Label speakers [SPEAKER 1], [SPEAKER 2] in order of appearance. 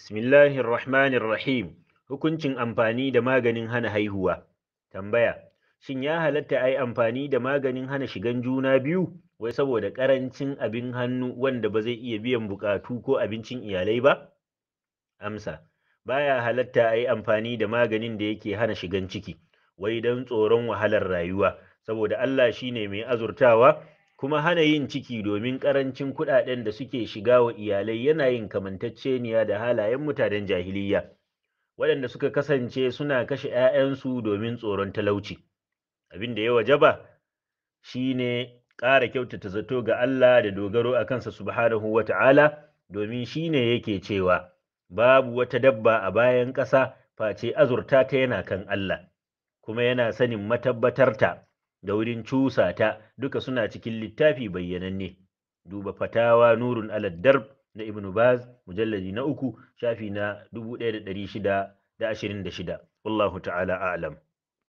[SPEAKER 1] Bismillahir Rahmanir Rahim. Hukuncin amfani da maganin hana haihuwa. Tambaya: Shin ya halatta ai amfani da maganin hana shigan juna biyu wai saboda karancin abin hannu wanda ba zai iya biyan buƙatu ko abincin iyalai ba? Amsa: Baya halatta ai amfani da maganin da yake hana shigan ciki wai don tsoron wahalar rayuwa saboda Allah shine mai azurtawa kuma hana yin ciki domin ƙarancin kuɗaɗen da suke shiga wa iyalai yana yin kamantacceniya da halayen mutanen jahiliya waɗanda suka kasance suna kashe 'ya'yansu domin tsoron talauci abin da ya wajaba shine ƙara kyautata zato ga Allah da dogaro a kansa subhanahu wa ta'ala domin shine yake cewa babu wata dabba a bayan ƙasa face azurta ta yana kan Allah kuma yana sanin matabbatarta da wurin cusa ta duka suna cikin littafi bayyananne duba fatawa nurun alad na ibn baz mujalladi na uku shafi na 1626 wallahu ta'ala a'lam